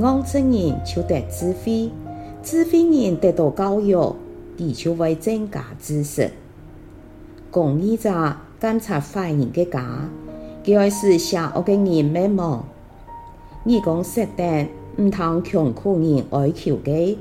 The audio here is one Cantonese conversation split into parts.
昂，人就得智慧，智慧人得到教育，地球會增加知識。講一個監察壞人個家，佢愛是下惡嘅人咩忙？你講適當，唔通窮苦人哀求佢，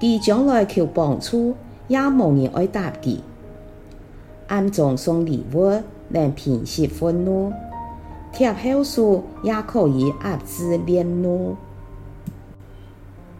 佢將來求幫助，也無人愛答佢。暗中送禮物，能平息憤怒；貼好書，也可以壓制憤怒。